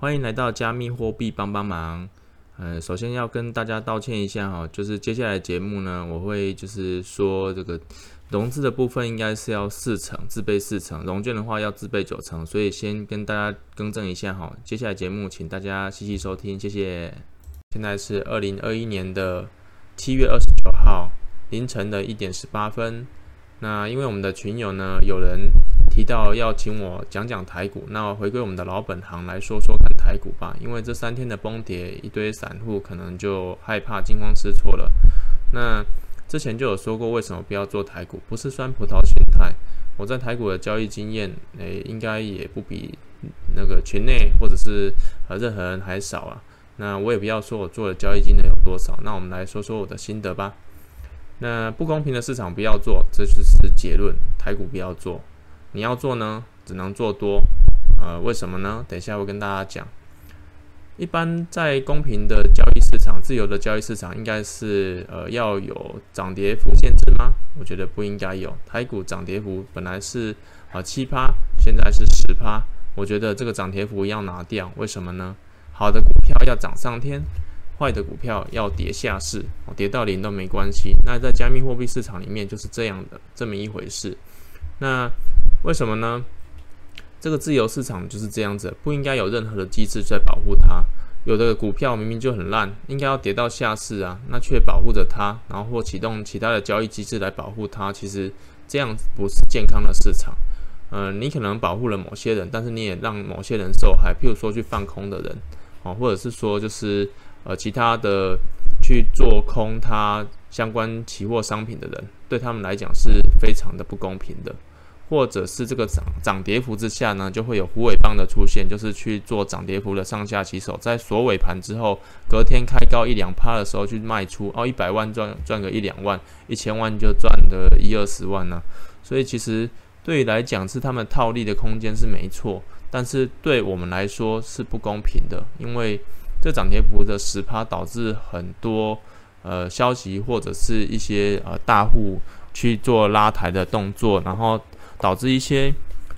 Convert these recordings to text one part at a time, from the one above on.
歡迎來到加密貨幣幫幫忙。呃，首先要跟大家道歉一下哈，就是接下來的節目呢，我會就是說這個融資的部分應該是要四成自備四成，融券的話要自備九成，所以先跟大家更正一下哈。接下來的節目請大家細細收聽，謝謝。現在是二零二一年的七月二十九號凌晨的一點十八分。那因為我們的群友呢，有人提到要請我講講台股，那回歸我們的老本行來說說。台股吧，因為這三天的崩跌，一堆散戶可能就害怕、驚慌失措了。那之前就有說過，為什麼不要做台股？不是酸葡萄心態。我在台股的交易經驗，哎、欸，應該也不比那個群內或者是呃、啊、任何人還少啊。那我也不要說我做的交易金額有多少，那我們來說說我的心得吧。那不公平的市場不要做，這就是結論。台股不要做，你要做呢，只能做多。呃，為什麼呢？等一下我跟大家講。一般在公平的交易市場，自由的交易市場，應該是呃要有漲跌幅限制嗎？我覺得不應該有。台股漲跌幅本來是啊七趴，現在是十趴，我覺得這個漲跌幅要拿掉。為什麼呢？好的股票要漲上天，壞的股票要跌下市，跌到零都沒關係。那在加密貨幣市場裡面就是這樣的這麼一回事。那為什麼呢？這個自由市場就是這樣子，不應該有任何的機制在保護它。有的股票明明就很爛，應該要跌到下市啊，那卻保護着它，然後或啟動其他的交易機制來保護它。其實這樣不是健康的市場。呃，你可能保護了某些人，但是你也讓某些人受害。譬如說去放空的人，哦，或者是說就是呃其他的去做空它相關期貨商品的人，對他們來講是非常的不公平的。或者是這個漲漲跌幅之下呢，就會有虎尾棒的出現，就是去做漲跌幅的上下起手，在鎖尾盤之後，隔天開高一兩趴的時候去賣出，哦，一百萬賺賺個一兩萬，一千萬就賺個一二十萬呢、啊。所以其實對於來講是他們套利的空間是沒錯，但是對我們來說是不公平的，因為這漲跌幅的十趴導致很多呃消息或者是一些呃大戶去做拉抬的動作，然後。導致一些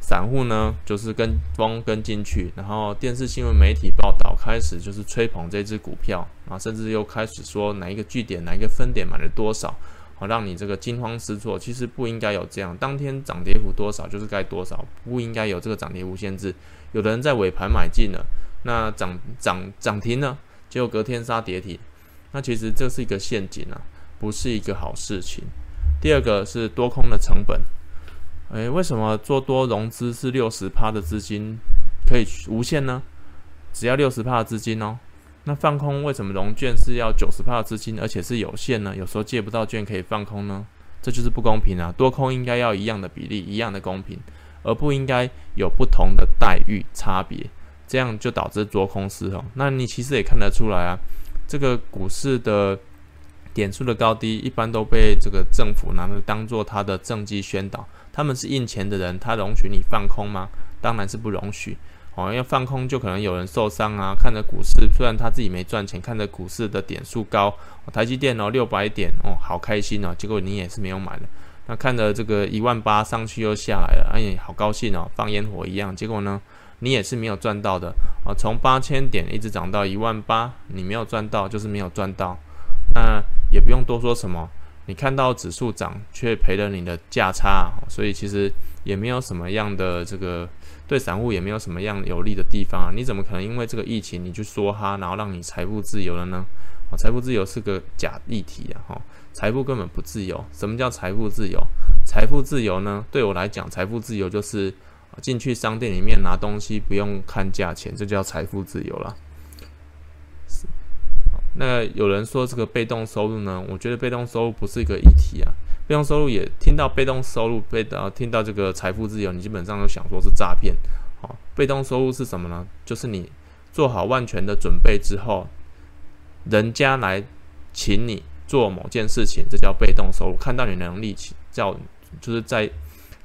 散戶呢，就是跟風跟進去，然後電視新聞媒體報道開始就是吹捧這只股票啊，甚至又開始說哪一個據點、哪一個分點買了多少，好，啊，讓你這個驚慌失措。其實不應該有這樣，當天漲跌幅多少就是該多少，不應該有這個漲跌幅限制。有的人在尾盤買進了，那漲、漲、漲停呢，結果隔天殺跌停，那其實這是一個陷阱啊，不是一個好事情。第二個是多空的成本。誒，為什麼做多融資是六十趴的資金可以無限呢？只要六十趴的資金哦。那放空為什麼融券是要九十趴的資金，而且是有限呢？有時候借不到券可以放空呢？這就是不公平啊！多空應該要一樣的比例，一樣的公平，而不應該有不同的待遇差別，這樣就導致多空失衡。那你其實也看得出來啊，這個股市的點數的高低，一般都被這個政府拿來當做他的政績宣導。他們是印錢的人，他容許你放空嗎？當然是不容許哦，要放空就可能有人受傷啊。看着股市，雖然他自己沒賺錢，看着股市的點數高，哦、台積電哦六百點哦好開心哦，結果你也是沒有買的。那看着這個一萬八上去又下來了，哎呀好高興哦，放煙火一樣，結果呢，你也是沒有賺到的啊。從八千點一直漲到一萬八，你沒有賺到就是沒有賺到，那也不用多說什麼。你看到指數漲，卻賠了你的價差，所以其實也沒有什麼樣的這個對散戶也沒有什麼樣有利的地方啊！你怎麼可能因為這個疫情你去梭哈，然後讓你財富自由了呢？啊，財富自由是個假議題啊。財富根本不自由。什麼叫財富自由？財富自由呢？對我來講，財富自由就是進去商店裡面拿東西不用看價錢，這叫財富自由了。那有人說這個被動收入呢？我覺得被動收入不是一個議題啊。被動收入也聽到被動收入被到、啊、聽到這個財富自由，你基本上都想說是詐騙。好，被動收入是什麼呢？就是你做好萬全的準備之後，人家來請你做某件事情，這叫被動收入。看到你能力，叫就是在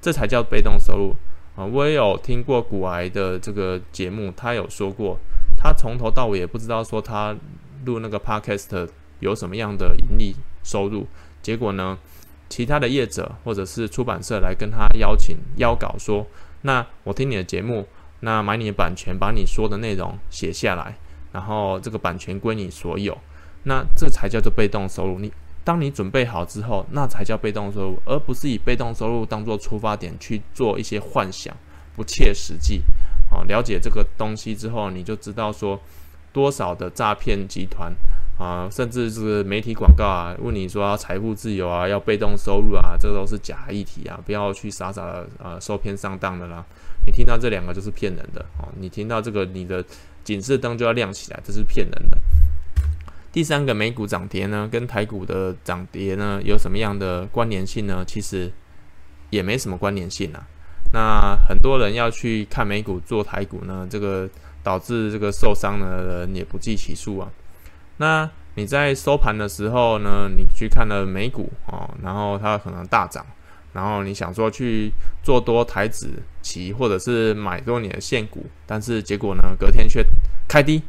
這才叫被動收入啊。我也有聽過股癌的這個節目，他有說過，他從頭到尾也不知道說他。錄那個 podcast 有什麼樣的盈利收入？結果呢？其他的業者或者是出版社來跟他邀請邀稿，說：“那我聽你的節目，那買你的版權，把你說的內容寫下來，然後這個版權歸你所有。”那這才叫做被動收入。你當你準備好之後，那才叫被動收入，而不是以被動收入當做出發點去做一些幻想，不切實際。好，了解這個東西之後，你就知道說。多少的詐騙集團啊，甚至是媒體廣告啊，問你說、啊、財富自由啊，要被動收入啊，這都是假議題啊，不要去傻傻的呃受騙上當的啦。你聽到這兩個就是騙人的哦、啊，你聽到這個你的警示燈就要亮起來，這是騙人的。第三個美股漲跌呢，跟台股的漲跌呢有什麼樣的關聯性呢？其實也沒什麼關聯性啊。那很多人要去看美股做台股呢，這個。導致這個受傷的人也不計其數啊。那你在收盤的時候呢，你去看了美股哦、喔，然後它可能大漲，然後你想說去做多台指期或者是買多你的現股，但是結果呢，隔天卻開低，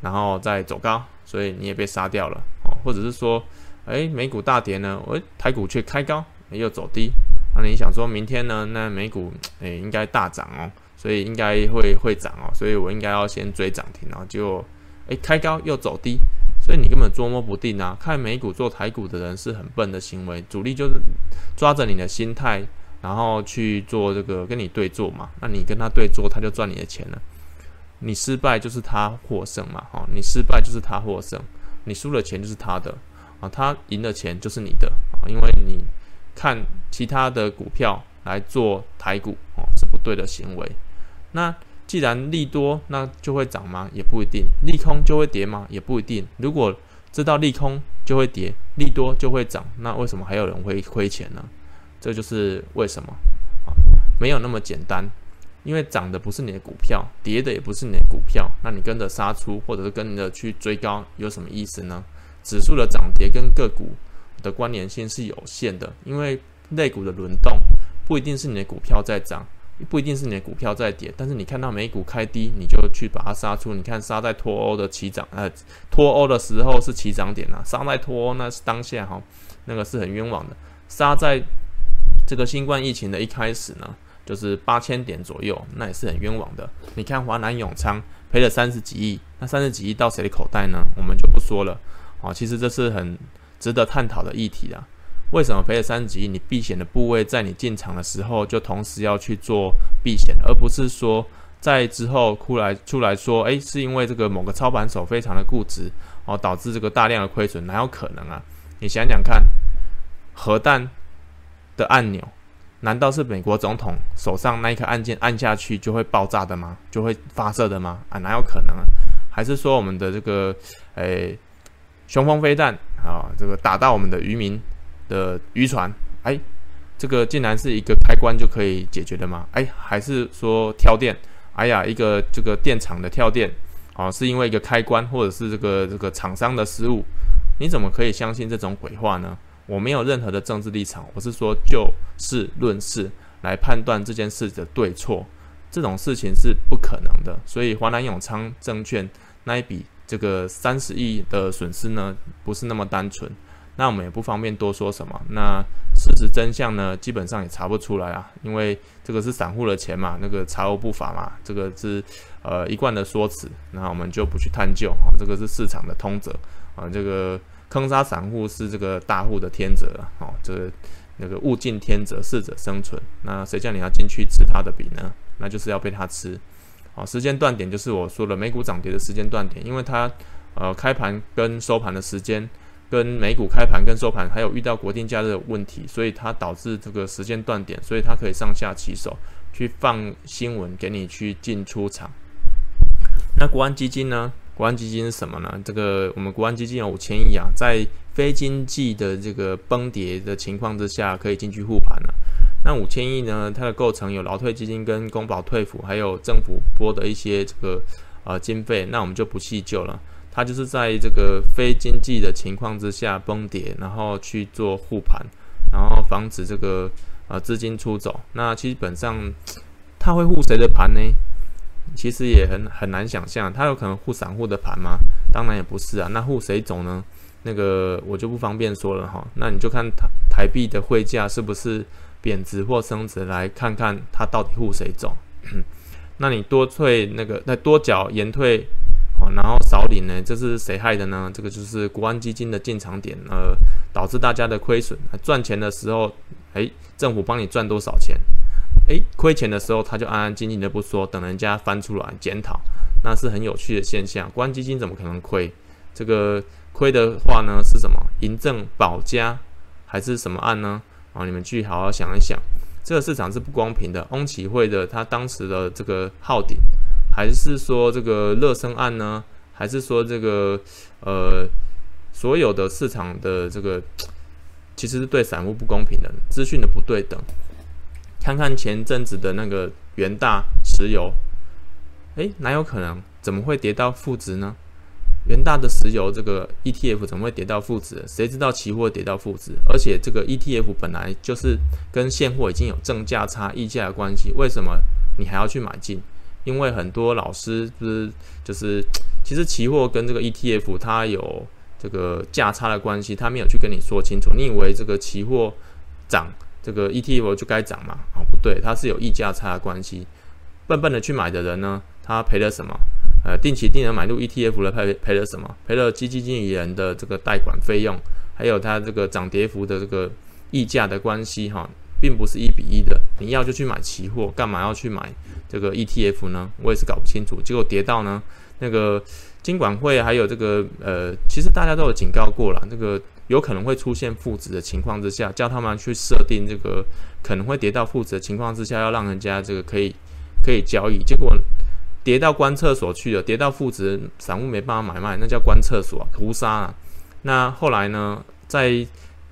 然後再走高，所以你也被殺掉了哦、喔。或者是說，誒、欸，美股大跌呢，誒、欸，台股卻開高、欸、又走低，那你想說明天呢，那美股哎、欸、應該大漲哦、喔。所以應該會會漲哦，所以我應該要先追漲停、哦，然後就，誒、欸，開高又走低，所以你根本捉摸不定啊！看美股做台股的人是很笨的行為，主力就是抓着你的心態，然後去做這個跟你對做嘛，那你跟他對做，他就賺你的錢了，你失敗就是他獲勝嘛，哦，你失敗就是他獲勝，你輸了錢就是他的啊、哦，他贏的錢就是你的啊、哦，因為你看其他的股票來做台股哦，是不對的行為。那既然利多，那就會漲嗎？也不一定。利空就會跌嗎？也不一定。如果知道利空就會跌，利多就會漲，那為什麼還有人會虧錢呢？這就是為什麼啊，沒有那麼簡單。因為漲的不是你的股票，跌的也不是你的股票，那你跟着殺出，或者是跟着去追高，有什麼意思呢？指數的漲跌跟個股的關聯性是有限的，因為類股的輪動不一定是你的股票在漲。不一定是你的股票在跌，但是你看到美股開低，你就去把它殺出。你看殺在脫歐的起漲，呃，脫歐的時候是起漲點啊，殺在脫歐那是當下哈、哦，那個是很冤枉的。殺在這個新冠疫情的一開始呢，就是八千點左右，那也是很冤枉的。你看華南永昌賠了三十幾億，那三十幾億到誰的口袋呢？我們就不說了啊、哦。其實這是很值得探討的議題啊。為什麼賠了三億？你避險的部位在你進場的時候就同時要去做避險，而不是說在之後出來出來說，誒，是因為這個某個操盤手非常的固執，然、哦、導致這個大量的虧損，哪有可能啊？你想想看，核彈的按鈕，難道是美國總統手上那一顆按鍵按下去就會爆炸的嗎？就會發射的嗎？啊，哪有可能啊？還是說我們的這個，誒雄風飛彈啊、哦，這個打到我們的漁民？的漁船，哎，這個竟然是一個開關就可以解決的嗎？哎，還是說跳電？哎呀，一個這個電廠的跳電啊，哦，是因為一個開關或者是這個這個廠商的失誤？你怎麼可以相信這種鬼話呢？我沒有任何的政治立場，我是說就事論事來判斷這件事的對錯，這種事情是不可能的。所以華南永昌證券那一筆這個三十億的損失呢，不是那麼單純。那我們也不方便多說什麼。那事實真相呢？基本上也查不出來啊，因為這個是散戶的錢嘛，那個查無不法嘛，這個是呃一貫的說辭。那我們就不去探究啊、哦，這個是市場的通則啊。這個坑殺散戶是這個大戶的天責啊，這、哦、個、就是、那個物競天擇，適者生存。那誰叫你要進去吃他的餅呢？那就是要被他吃好、哦，時間斷點就是我說的美股漲跌的時間斷點，因為它呃開盤跟收盤的時間。跟美股開盤、跟收盤，還有遇到國定假日的問題，所以它導致這個時間斷點，所以它可以上下其手去放新聞給你去進出場。那國安基金呢？國安基金是什麼呢？這個我們國安基金有五千億啊，在非經濟的這個崩跌的情況之下，可以進去護盤了。那五千億呢？它的構成有勞退基金、跟公保退撫，還有政府撥的一些這個啊經費，那我們就不細究了。它就是在這個非經濟的情況之下崩跌，然後去做護盤，然後防止這個啊、呃、資金出走。那基本上，它會護誰的盤呢？其實也很很難想象，它有可能護散戶的盤嗎？當然也不是啊。那護誰走呢？那個我就不方便說了哈。那你就看台台幣的匯價是不是貶值或升值，來看看它到底護誰走。 那你多退那個，那多繳延退。好，然後少領呢？這是誰害的呢？這個就是國安基金的進場點，呃，導致大家的虧損。賺錢的時候，誒，政府幫你賺多少錢？誒，虧錢的時候他就安安靜靜的不說，等人家翻出來檢討，那是很有趣的現象。國安基金怎麼可能虧？這個虧的話呢，是什麼？贏政保家還是什麼案呢？啊，你們去好好想一想，這個市場是不公平的。翁啟惠的他當時的這個浩鼎。還是說這個熱身案呢？還是說這個呃所有的市場的這個其實是對散戶不公平的，資訊的不對等。看看前陣子的那個元大石油，誒，哪有可能？怎麼會跌到負值呢？元大的石油這個 ETF 怎麼會跌到負值？誰知道期貨跌到負值？而且這個 ETF 本來就是跟現貨已經有正價差、溢價的關係，為什麼你還要去買進？因為很多老師就是就是，其實期貨跟這個 ETF 它有這個價差的關係，他沒有去跟你說清楚。你以為這個期貨漲，這個 ETF 就該漲嘛？哦，不對，它是有溢價差的關係。笨笨的去買的人呢，他賠了什麼？呃，定期定額買入 ETF 了，賠賠了什麼？賠了基金經理人的這個貸款費用，還有他這個漲跌幅的這個溢價的關係，哈、哦。並不是一比一的，你要就去買期貨，幹嘛要去買這個 ETF 呢？我也是搞不清楚。結果跌到呢，那個金管會還有這個呃，其實大家都有警告過了，那、這個有可能會出現負值的情況之下，叫他們去設定這個可能會跌到負值的情況之下，要讓人家這個可以可以交易。結果跌到關廁所去了，跌到負值，散戶沒辦法買賣，那叫關廁所，屠殺了、啊。那後來呢，在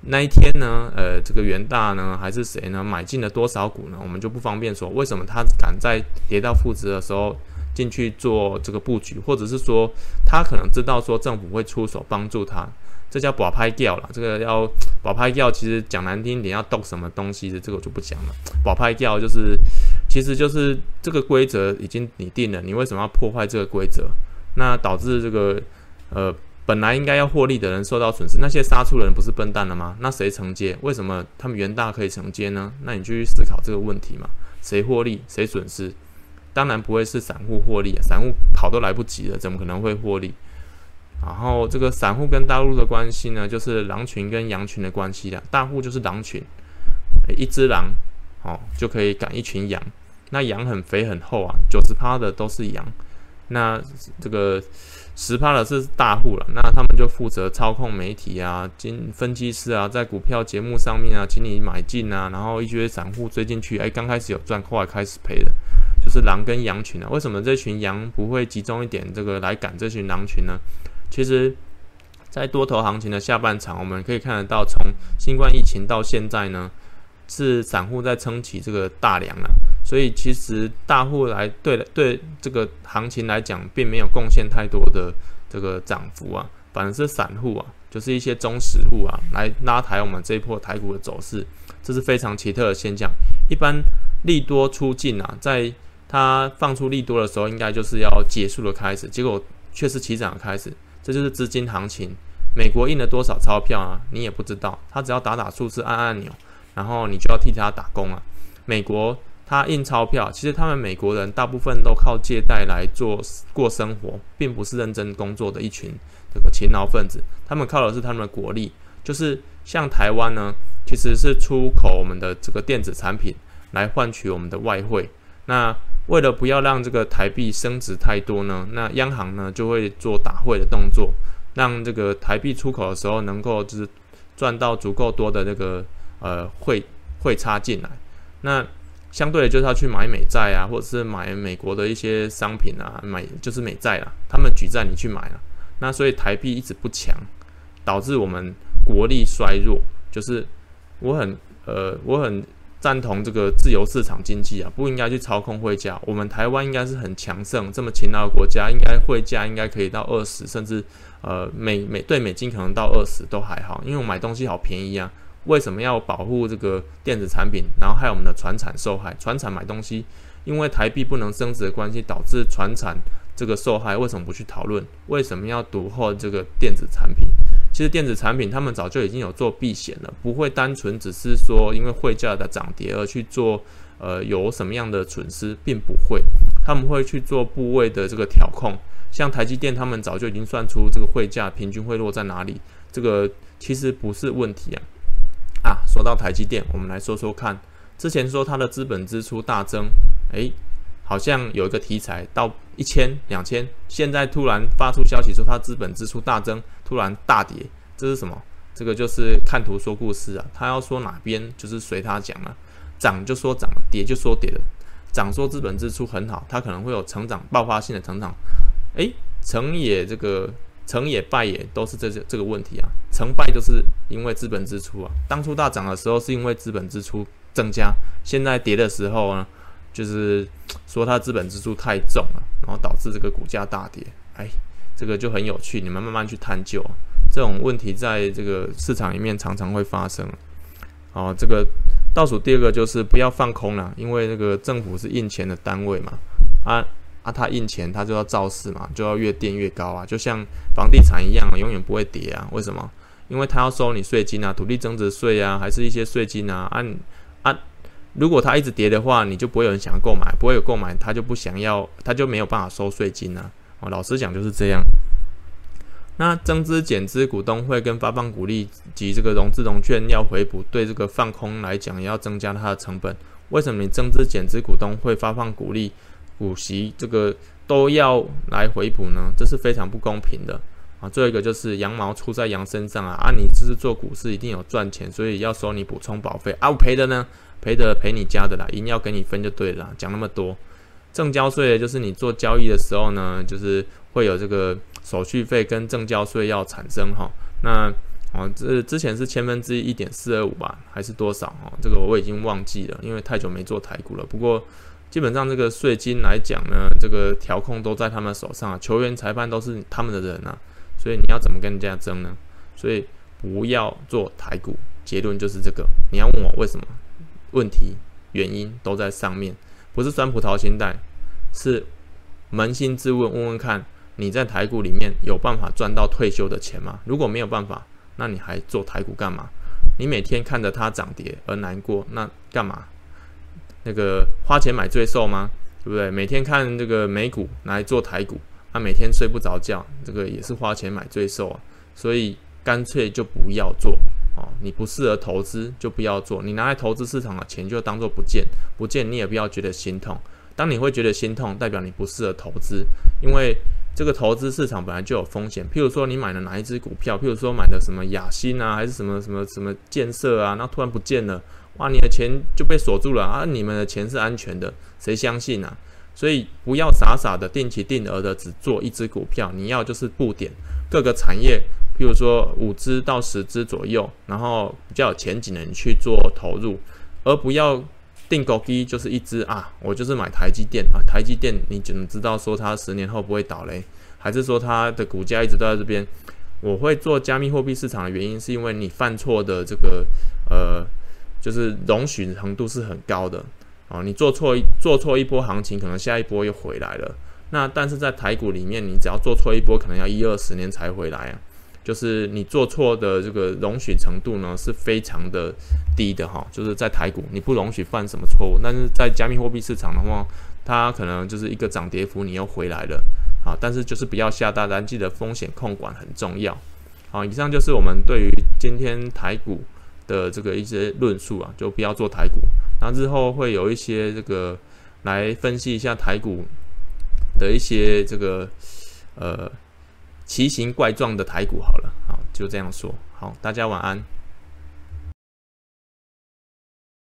那一天呢，呃，這個元大呢還是誰呢，買進了多少股呢？我們就不方便說。為什麼他敢在跌到負值的時候進去做這個布局，或者是說他可能知道說政府會出手幫助他，這叫保拍掉啦。這個要保拍掉，其實講難聽點，你要動什麼東西的，這個我就不講了。保拍掉就是，其實就是這個規則已經擬定了，你為什麼要破壞這個規則？那導致這個，呃。本來應該要獲利的人受到損失，那些殺出的人不是笨蛋了嗎？那誰承接？為什麼他們元大可以承接呢？那你就去思考這個問題嘛。誰獲利，誰損失？當然不會是散戶獲利啊，散戶跑都來不及了，怎麼可能會獲利？然後這個散戶跟大戶的關係呢，就是狼群跟羊群的關係了。大戶就是狼群，一隻狼哦就可以趕一群羊。那羊很肥很厚啊，九十趴的都是羊。那這個。十趴的是大戶了，那他們就負責操控媒體啊、經分析師啊，在股票節目上面啊，請你買進啊，然後一些散戶追進去，哎、欸，剛開始有賺，後來開始賠的就是狼跟羊群啊。為什麼這群羊不會集中一點這個來趕這群狼群呢？其實，在多頭行情的下半場，我們可以看得到，從新冠疫情到現在呢，是散戶在撐起這個大梁了、啊。所以其實大戶來對、對這個行情來講，並沒有貢獻太多的這個漲幅啊，反而是散戶啊，就是一些中實戶啊，來拉抬我們這一波台股的走勢，這是非常奇特的現象。一般利多出盡啊，在他放出利多的時候，應該就是要結束的開始，結果卻是起漲的開始，這就是資金行情。美國印了多少鈔票啊？你也不知道，他只要打打數字按按按鈕，然後你就要替他打工啊，美國。他印鈔票，其實他們美國人大部分都靠借貸來做過生活，並不是認真工作的一群這個勤勞分子。他們靠的是他們的國力，就是像台灣呢，其實是出口我們的這個電子產品來換取我們的外匯。那為了不要讓這個台幣升值太多呢，那央行呢就會做打匯的動作，讓這個台幣出口的時候能夠就是賺到足夠多的這個呃匯匯差進來。那相對的就是要去買美債啊，或者是買美國的一些商品啊，買就是美債啦、啊。他們舉債，你去買了、啊，那所以台幣一直不強，導致我們國力衰弱。就是我很呃我很贊同這個自由市場經濟啊，不應該去操控匯價。我們台灣應該是很強盛，這麼勤勞的國家，應該匯價應該可以到二十，甚至呃美美對美金可能到二十都還好，因為我買東西好便宜啊。為什麼要保護這個電子產品？然後還有我們的傳產受害，傳產買東西，因為台幣不能升值的關係，導致傳產這個受害。為什麼不去討論？為什麼要獨厚這個電子產品？其實電子產品他們早就已經有做避險了，不會單純只是說因為匯價的漲跌而去做。呃，有什麼樣的損失，並不會，他們會去做部位的這個調控。像台積電，他們早就已經算出這個匯價平均會落在哪裡，這個其實不是問題啊。啊，說到台積電，我們來說說看。之前說它的資本支出大增，誒、欸，好像有一個題材到一千、兩千，現在突然發出消息說它資本支出大增，突然大跌，這是什麼？這個就是看圖說故事啊。他要說哪邊，就是隨他講了、啊，漲就說漲，跌就說跌了。漲說資本支出很好，它可能會有成長爆發性的成長。誒、欸，成也這個，成也敗也都是這些、個、這個問題啊，成敗就是。因為資本支出啊，當初大漲的時候是因為資本支出增加，現在跌的時候呢，就是說它資本支出太重了，然後導致這個股價大跌。哎，這個就很有趣，你們慢慢去探究啊，這種問題在這個市場裡面常常會發生。哦，啊，這個倒數第二個就是不要放空了啊，因為那個政府是印錢的單位嘛，啊啊，它印錢它就要造勢嘛，就要越墊越高啊，就像房地產一樣啊，永遠不會跌啊，為什麼？因為他要收你稅金啊，土地增值稅啊，還是一些稅金啊，按、啊，按、啊，如果他一直跌的話，你就不會有人想要購買，不會有購買，他就不想要，他就沒有辦法收稅金啊。哦，老實講就是這樣。那增資減資、股東會跟發放股利及這個融資融券要回補，對這個放空來講，也要增加它的成本。為什麼你增資減資、股東會發放股利、股息這個都要來回補呢？這是非常不公平的。啊，最後一個就是羊毛出在羊身上啊！啊，你這次做股市一定有賺錢，所以要收你補充保費啊！我賠的呢，賠的賠你家的啦，一定要跟你分就對啦，講那麼多，證交稅就是你做交易的時候呢，就是會有這個手續費跟證交稅要產生哈。那啊，這之前是千分之一點四二五吧，還是多少啊？這個我已經忘記了，因為太久沒做台股了。不過基本上這個稅金來講呢，這個調控都在他們手上啊，球員、裁判都是他們的人啊。所以你要怎麼跟人家爭呢？所以不要做台股，結論就是這個。你要問我為什麼？問題原因都在上面，不是酸葡萄心態，是捫心自問，問問看你在台股裡面有辦法賺到退休的錢嗎？如果沒有辦法，那你還做台股幹嘛？你每天看着它漲跌而難過，那幹嘛？那個花錢買罪受嗎？對不對？每天看這個美股來做台股。他、啊、每天睡不着覺，這個也是花錢買罪受啊，所以乾脆就不要做哦。你不適合投資就不要做，你拿來投資市場的錢就當做不見，不見你也不要覺得心痛。當你會覺得心痛，代表你不適合投資，因為這個投資市場本來就有風險。譬如說你買了哪一隻股票，譬如說買的什麼雅新啊，還是什麼什麼什麼建設啊，那突然不見了，哇，你的錢就被鎖住了啊！你們的錢是安全的，誰相信啊？所以不要傻傻的定期定額的只做一隻股票，你要就是布點各個產業，譬如說五隻到十隻左右，然後比較有前景的你去做投入，而不要定高低就是一隻啊，我就是買台積電啊，台積電你只能知道說它十年後不會倒嘞，還是說它的股價一直都在這邊？我會做加密貨幣市場的原因，是因為你犯錯的這個呃，就是容許程度是很高的。啊、哦，你做錯一做錯一波行情，可能下一波又回來了。那但是在台股裡面，你只要做錯一波，可能要一二十年才回來啊。就是你做錯的這個容許程度呢，是非常的低的哈、哦。就是在台股，你不容許犯什麼錯誤。但是在加密貨幣市場的話，它可能就是一個漲跌幅，你又回來了。好、哦，但是就是不要下大單，記得風險控管很重要。好、哦，以上就是我們對於今天台股的這個一些論述啊，就不要做台股。那日後會有一些這個來分析一下台股的一些這個呃奇形怪狀的台股好了，好，就這樣說。好，大家晚安。